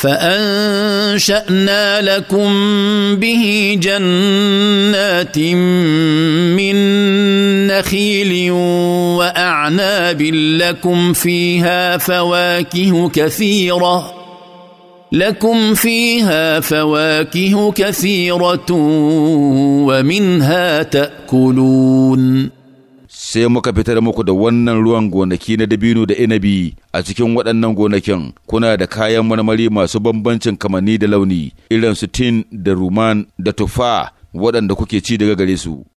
فانشانا لكم به جنات من نخيل واعناب لكم فيها فواكه كثيره لكم فيها فواكه كثيره ومنها تاكلون sai muka fitar muku da wannan ruwan gonaki na dabino da inabi a cikin waɗannan gonakin kuna da kayan marmari masu bambancin kamanni da launi irin su tin da ruman da tufa waɗanda kuke ci daga gare su